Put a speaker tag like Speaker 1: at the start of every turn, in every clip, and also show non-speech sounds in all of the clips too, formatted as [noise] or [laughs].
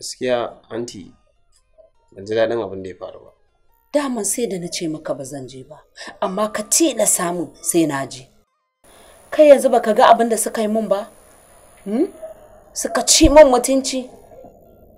Speaker 1: gaskiya anti ban ji daɗin abin da ya faru ba
Speaker 2: daman sai da na ce maka ba zan je ba amma ka tiɗa samu sai na je kai yanzu baka ga abin da suka yi mun ba hmm? suka ci min mutunci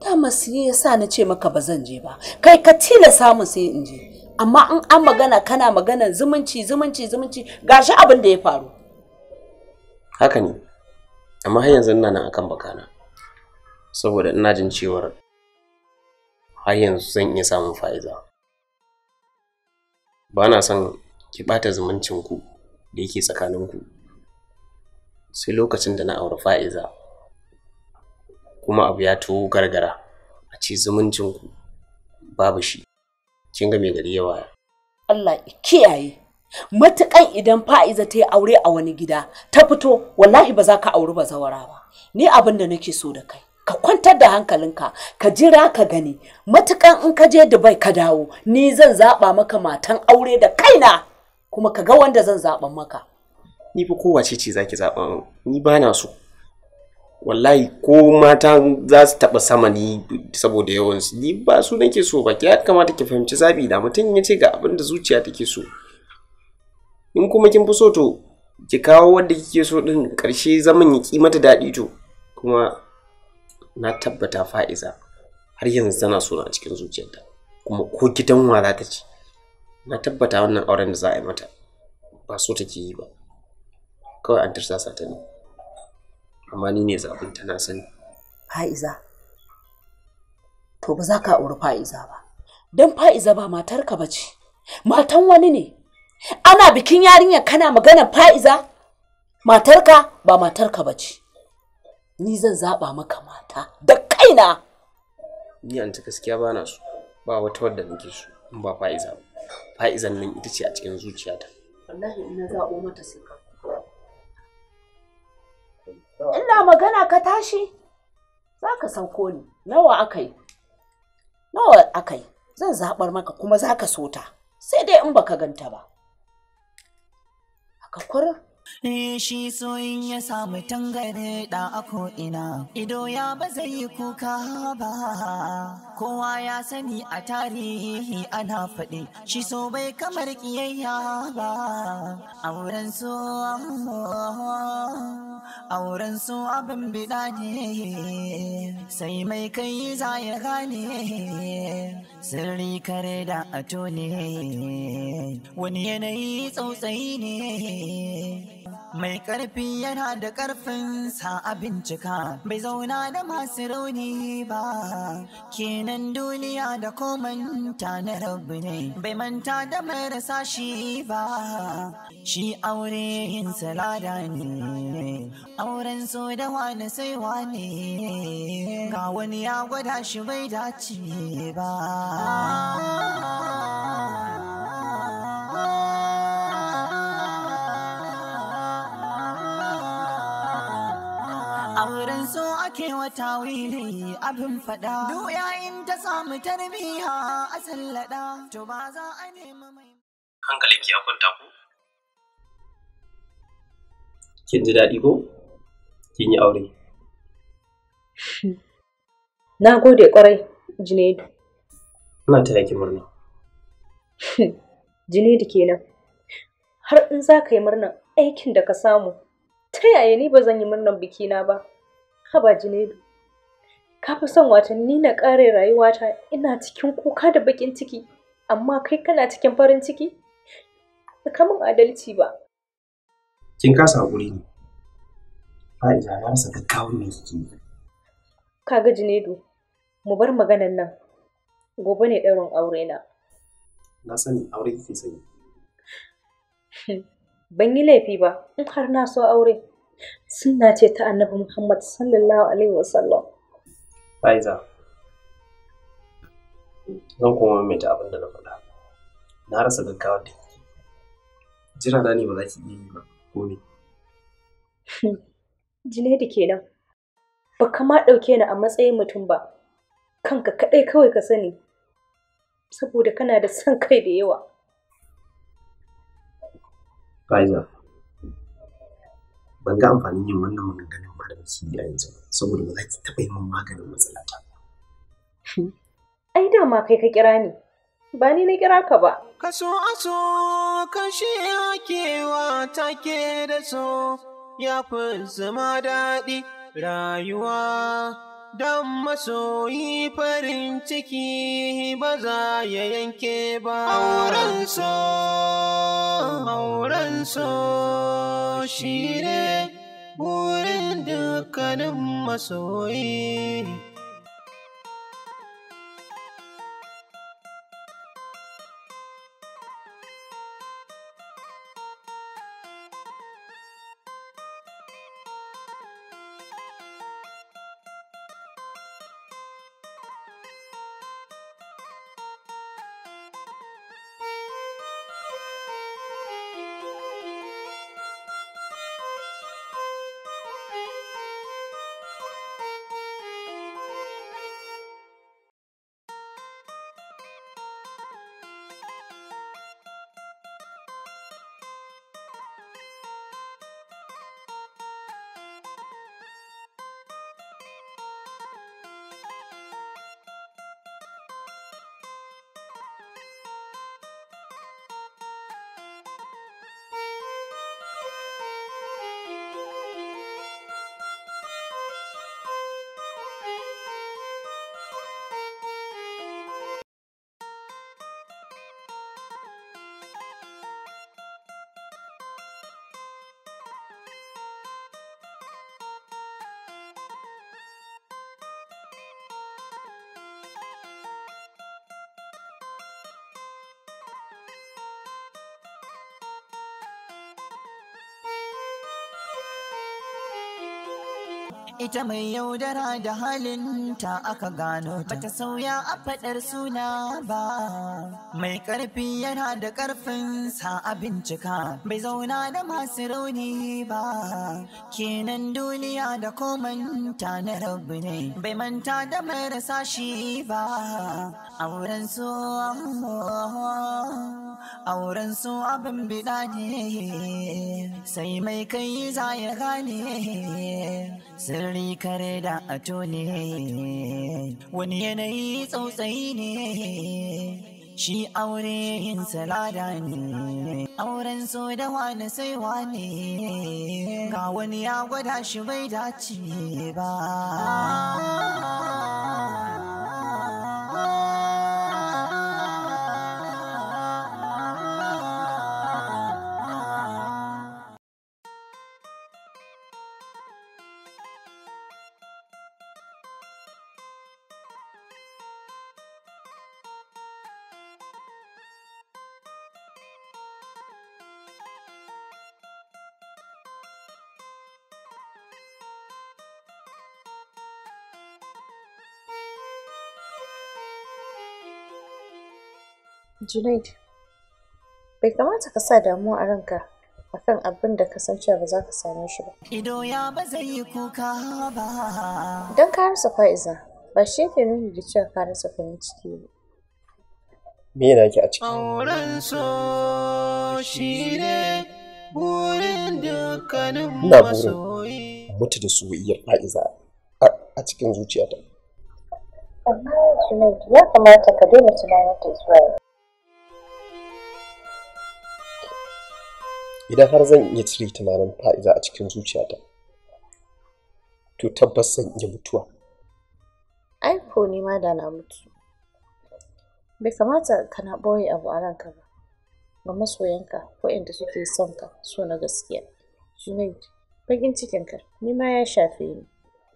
Speaker 2: dama su yi yasa na ce maka ba zan je ba kai ka tila samu sai in je amma in an magana kana magana zumunci zumunci zumunci gashi abin da ya faru
Speaker 1: haka ne amma har yanzu ina nan akan bakana saboda ina jin cewar har yanzu zan iya samun fa'iza ba na son ki ɓata zumuncinku da yake tsakaninku sai lokacin da na auri fa'iza kuma abu ya tuwo gargara a ce zumuncinku babu shi kin ga mai gari ya waya
Speaker 2: Allah kiyaye matakan idan fa'iza ta yi aure a wani gida ta fito wallahi ba za ka auri bazawara ba ni abin da nake so da kai ka kwantar da hankalinka ka jira ka gani matukan in ka je dubai ka dawo ni zan zaɓa maka matan aure da kaina kuma ka ga wanda zan zaɓa maka
Speaker 1: ni fa kowace ce zaki zaba ni ba na so wallahi ko mata za su taba sama ni saboda yawan su ni ba su nake so ba ki kamata ki fahimci zabi da mutum ya ce ga abin da zuciya take so in kuma kin fi so to ki kawo wanda kike so din karshe zaman ya ki mata daɗi to kuma na tabbata fa'iza har yanzu tana so a cikin zuciyarta kuma ko gidan wa ta ci na tabbata wannan auren da za a yi mata ba so take yi ba kawai an tirsasa ta ne amma ni ne zaɓin tana sani
Speaker 2: fa'iza to ba za ka auri fa'iza ba don fa'iza ba matarka ba ce matan wani ne ana bikin yarinya kana maganar fa'iza matarka ba matarka ba ce ni zan zaba maka mata da kaina
Speaker 1: ni an ta gaskiya bana so ba wata wadda nake so in ba fa'iza ba. fa'izan nan ita ce a cikin zuciyata
Speaker 2: wallahi in na zabo mata sai ka ina magana ka tashi za ka sauko ni nawa aka yi nawa aka yi zan zaɓar maka kuma za ka so ta sai dai in baka ganta ba
Speaker 3: haka kurin shi soyin ya samu tangare da ako ina ido ya ba zai yi kuka ba kowa ya sani a tarihi ana faɗi shi so bai kamar kiyayya ba auren su auren su abin bida ne sai mai kai za ya gane sirri kare da ato ne wani yanayi tsautsayi ne Mai ƙarfi yana da sa a bincika, bai zauna da masu rauni ba. Kenan duniya da komanta na rabu ne, bai manta da marasa shi ba. Shi aure yin salada ne, auren so da wani saiwa ne, ga wani ya gwada shi bai dace ba. A wurin so ake wata wili abin fada. Duk yayin ta samu tarbiya a sallada. To ba za a nemi mai. Hankalinki ki kwanta
Speaker 1: ku? Kin ji daɗi ko? Kin yi aure.
Speaker 4: [laughs] Na gode ƙwarai, jinedu
Speaker 1: Ina taya ki murna.
Speaker 4: [laughs] Junaidu kenan. Har in za ka yi murnar aikin da ka samu ta yaya ni ba zan yi murnar bikina ba haba jinedu ka fi son watanni na ƙare rayuwata ina cikin kuka da bakin ciki amma kai kana cikin farin ciki ka min adalci ba
Speaker 1: kin kasa hakuri ne fa'iza na rasa gaggawan mai jiki.
Speaker 4: Ka ga mu bar maganan nan gobe ne ɗaurin aure na
Speaker 1: na sani aure kike sani
Speaker 4: [laughs] ban yi laifi ba in har na so aure suna ce ta annabi muhammad sallallahu alaihi wasallam
Speaker 1: faiza zan kuma maimaita abin da na faɗa na rasa gaggawa da jira na ne ba za ki iya yi ba ko ne
Speaker 4: ke [laughs] kenan ba kama ɗauke ni a matsayin mutum ba kanka kaɗai kawai ka sani saboda kana da son kai da yawa
Speaker 1: Pfizer. ban ga amfanin yin wannan maganganun ba da kake a yanzu saboda ba za ki taɓa yi min maganin matsalata. [laughs]
Speaker 4: Ai dama kai ka kira ni,
Speaker 1: ba ni na kira ka ba. Kaso aso kewa ta ke da so ya fi zama daɗi rayuwa. don masoyi farin ciki ba za ya yanke ba. Auren so, auren so shi ne burin dukkanin masoyi.
Speaker 3: ita mai yaudara da halin ta aka gano ta bata sauya a faɗar suna ba mai ƙarfi yana da ƙarfin sa a bincika bai zauna da masu rauni ba kenan duniya da komanta na rabu ne bai manta da marasa shi ba auren su ah, ah, ah. auren su abin bida ne sai mai kai za ya gane sirri kare da ato ne wani yanayi tsautsayi ne shi aure yin salada ne auren su da wani saiwa ne ga wani ya gwada shi bai dace ba
Speaker 4: Junaid, bai kamata ka sa damuwa a ranka akan abin da ka san cewa ba za ka same shi ba.
Speaker 3: Ido ya ba zai yi kuka ba.
Speaker 4: Don ka rasa fa'iza, ba shi ke nuni da cewa ka rasa farin ciki ba.
Speaker 1: Me yana ki a ciki? Auren so shi ne burin dukkanin masoyi. Ina burin mutu da soyayyar fa'iza a cikin zuciyata.
Speaker 4: Amma Junaid ya kamata ka daina tunanin ta Isra'il.
Speaker 1: idan har zan iya cire tunanin fa'iza a cikin zuciyata to tabbas zan iya mutuwa
Speaker 4: ai ko ma da na mutu bai kamata na boye abu a ranka ba ga masoyanka ko inda suke son ka so na gaskiya junaid bakin cikinka ni ma ya shafe ni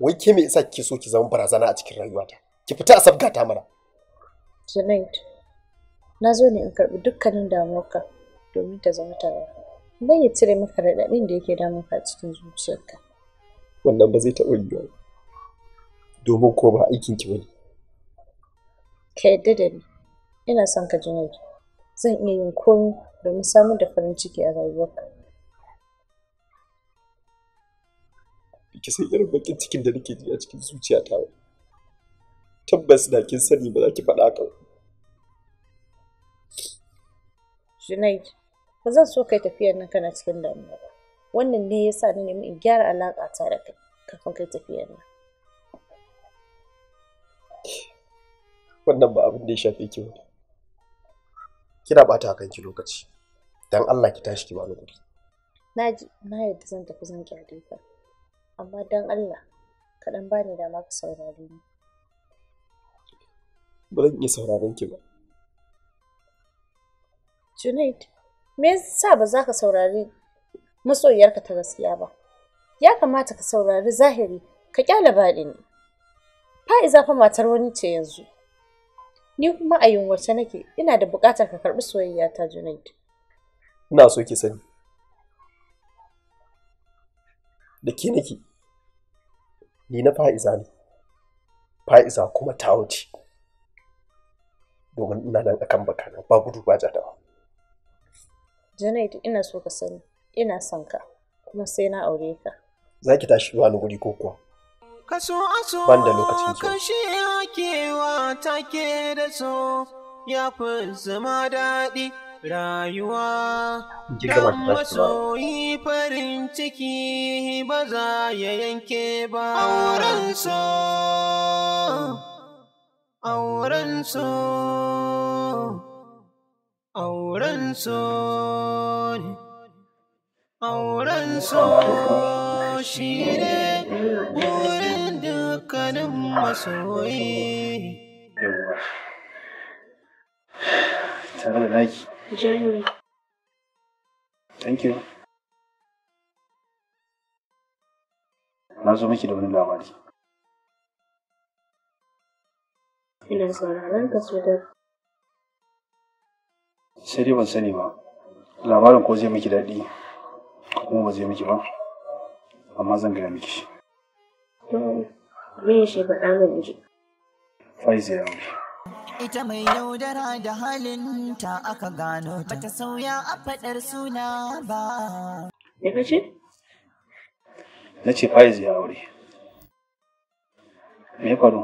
Speaker 1: wai ke me yasa kike so ki zama barazana a cikin rayuwata ki fita a sabga ta
Speaker 4: junaid na zo ne in karbi dukkanin damuwarka domin ta zama tawa bai ya cire maka raɗaɗin da yake damun ka cikin zuciyarka.
Speaker 1: Wannan ba zai taɓa yiwuwa ba. Domin ko ba aikin ki bane.
Speaker 4: Ka yadda da ni. Ina son ka ji nadi. Zan iya yin komai domin samun da farin ciki a rayuwarka.
Speaker 1: Ki san irin bakin cikin da nake ji a cikin zuciyata ba. Tabbas da kin sani ba za ki faɗa haka ba.
Speaker 4: Junaid, ba zan so kai tafiyar nan kana cikin damuwa ba wannan ne yasa na nemi in gyara alaƙa ta da kai kafin kai tafiyar nan
Speaker 1: wannan ba abin da ya shafe ki ba kina bata a ki lokaci dan Allah ki tashi ki bani
Speaker 4: Na naji na yadda zan tafi zan kyale ka amma dan Allah ka dan bani dama ka saurare ni
Speaker 1: ba zan iya sauraron ki ba
Speaker 4: Junaid me yasa ba za ka saurari masoyarka ta gaskiya ba ya kamata ka saurari zahiri ka kyale ne. fa'iza fa matar wani ce yanzu ni kuma a yunwace nake ina da buƙatar ka karɓi soyayya ta junaid
Speaker 1: ina so ki sani da ke nake ni na fa'iza ne fa'iza kuma ta wuce domin ina nan akan bakana ba gudu ba jadawa
Speaker 4: Janet ina so ka sani, ina son ka, kuma sai na aure ka.
Speaker 1: Za ki tashi zuwa ni guri ko kuwa?
Speaker 4: Ka so a so banda lokacin ka
Speaker 1: shi Kashi kewa take da so, ya fi zama daɗi rayuwa. Dan masoyi farin ciki ba za ya yanke ba. Auren so,
Speaker 3: auren so. auren so ne auren
Speaker 1: so shi ne wurin dukkanin masoyi da naki thank you na zo da wani labari
Speaker 4: ina sauraron ka su da
Speaker 1: sai dai ban sani ba labarin ko zai miki daɗi ko kuma ba zai miki ba amma zan gaya miki
Speaker 3: eh,
Speaker 4: me shi faɗa min ji
Speaker 1: faiz ya
Speaker 3: ita mai yaudara da ta aka gano ta ta sauya a faɗar suna ba kace na ce faiz ya aure
Speaker 1: me ya faru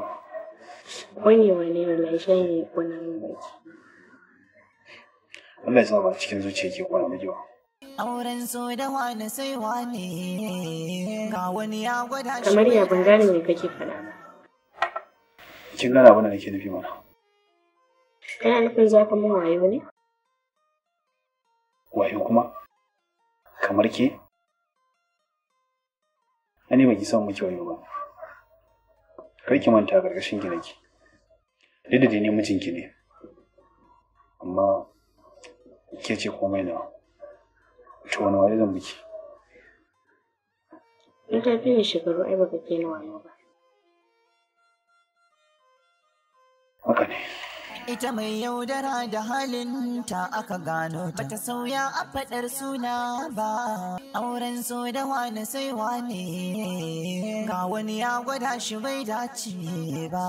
Speaker 1: wani wani wallahi shayi wannan baki Allah ya sa ba cikin zuciya ke kwana da jiwa
Speaker 3: auren so da wani sai wani ga wani ya gwada shi kamar ya ban
Speaker 1: gane me kake faɗa ba kin gane abin da nake nufi mana
Speaker 3: kana nufin
Speaker 4: za ka mun
Speaker 2: wayo ne
Speaker 1: wayo kuma kamar ke ani ba ki san muke wayo ba kar ki manta gargashin ki nake duk da ne mijinki ne amma ke ce komai nawa to wani wani zan miki
Speaker 4: in ta fi ni shekaru ai baka ke ni wani ba
Speaker 3: haka ne ita mai yaudara da halinta aka gano ta ta sauya a faɗar suna ba auren so da wani sai wane ga wani ya gwada shi bai dace ba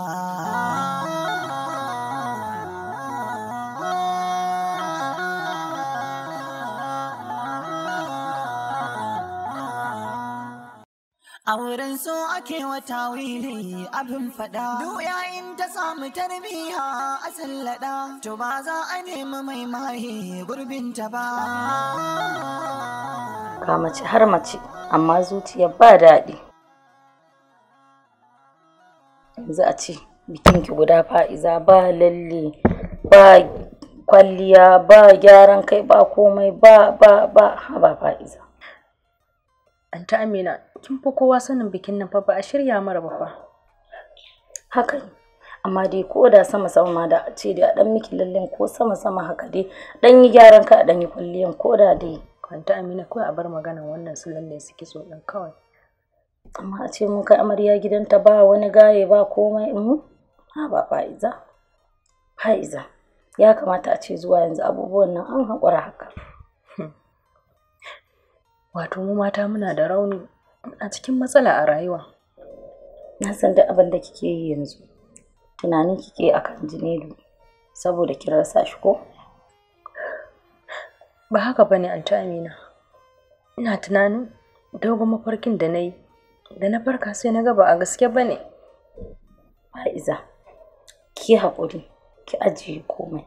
Speaker 3: A wurin su ake wata wili abin fada. yayin ta samu tarbiya a sallada, to ba za a nemi mai maye gurbin ta ba.
Speaker 4: Ba mace har mace, amma zuciya ba daɗi. Yanzu a ce ki guda fa'iza ba lalle ba kwalliya ba gyaran kai ba komai ba ba ba ba fa'iza. ta Amina, kin fa kowa sanin bikin nan fa ba a shirya mara ba fa haka amma dai ko da sama sama ma da ce da dan miki lallen ko sama sama haka dai dan yi gyaran ka dan yi kulliyan ko da dai kwanta amina kawai a bar magana wannan su lalle suke so din kawai amma a ce mun kai amarya gidanta ba wani gaye ba komai in uhm, ha ba fa'iza fa'iza ya kamata a ce zuwa yanzu abubuwan nan an haƙura haka hmm. wato mu mata muna da rauni a cikin matsala a rayuwa na san duk abin da kike yi yanzu tunanin kike akan Junaidu saboda ki rasa shi ko ba haka bane anta Amina ina tunanin dogon mafarkin da na yi da na farka sai na gaba a gaske bane Fa'iza ki haƙuri ki ajiye komai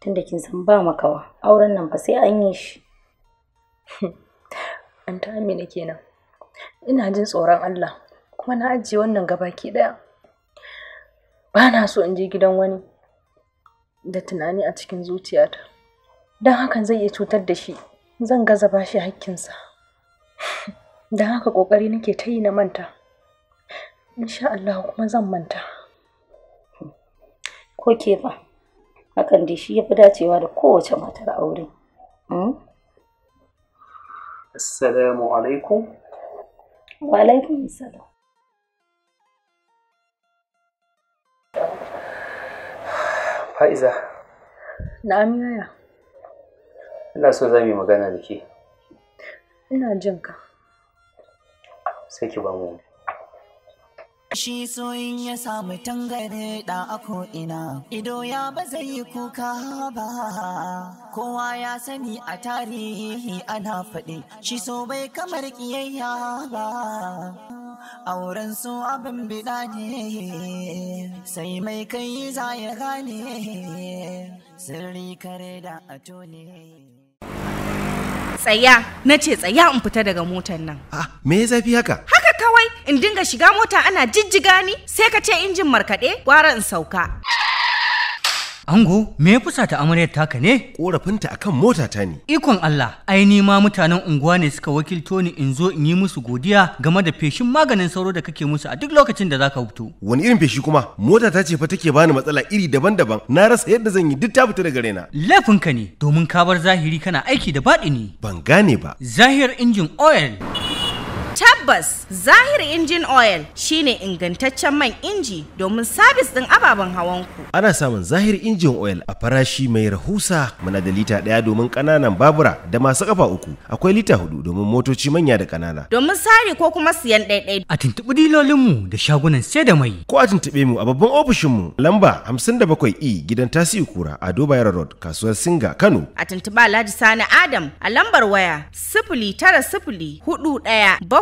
Speaker 4: tunda kin san ba makawa auren nan ba sai an yi shi anta [laughs] Amina kenan ina jin tsoron Allah kuma na ajiye wannan gabaki ɗaya ba na so in je gidan wani da tunani a cikin zuciyata don hakan zai iya cutar da shi zan gaza ba shi hakkinsa [laughs] don haka kokari nake ta yi na manta insha Allah kuma zan manta ko ke ba hakan dai shi ya fi dacewa da kowace matar aure
Speaker 1: hmm? Assalamu alaikum Wa Fa'iza.
Speaker 3: Ina
Speaker 1: so za magana da ke.
Speaker 3: Ina jin ka.
Speaker 1: Sai ki ba mu
Speaker 3: Shi soyin ya samu tangare da a ko'ina, ido ya ba zai yi kuka ba. Kowa ya sani a tarihi ana faɗi, shi so bai kamar ƙiyayya ba. Auren su abin bida ne, sai mai kai za ya gane, sirri kare da ato ne. Tsaya,
Speaker 5: na ce tsaya in fita daga motar nan. Ah, me zafi Haka! in dinga shiga mota ana jijjiga ni sai ka ce injin markaɗe gwara in sauka. Ango, me ya fusata amaryar taka ne? Ƙorafinta a kan mota ne. Ikon Allah, ai ni ma mutanen unguwa ne suka wakilto ni in zo in yi musu godiya game da feshin maganin sauro da kake musu a duk lokacin da za ka fito. Wani
Speaker 1: irin feshi kuma? Mota ta ce fa take bani matsala iri daban-daban. Na rasa yadda zan yi duk ta fita daga raina.
Speaker 5: Laifinka ne, domin ka bar zahiri kana aiki da baɗi ne. Ban gane ba. Zahir injin oil. Tabbas zahiri Injin Oil shine ingantaccen man inji domin sabis ɗin ababen hawanku.
Speaker 1: Ana samun zahiri Injin Oil a farashi mai rahusa muna da lita ɗaya domin ƙananan babura da masu ƙafa uku akwai lita hudu domin motoci manya da ƙanana.
Speaker 5: Domin sari ko kuma siyan ɗaiɗai. A
Speaker 1: tuntuɓi dilolinmu da shagunan sai da mai. Ko a tuntuɓe mu a babban ofishinmu lamba hamsin da 57 E gidan tasi Kura a Dubai Road kasuwar Singa Kano.
Speaker 5: A tuntuɓa Alhaji Sani Adam a lambar waya sifili tara sifili hudu ɗaya ba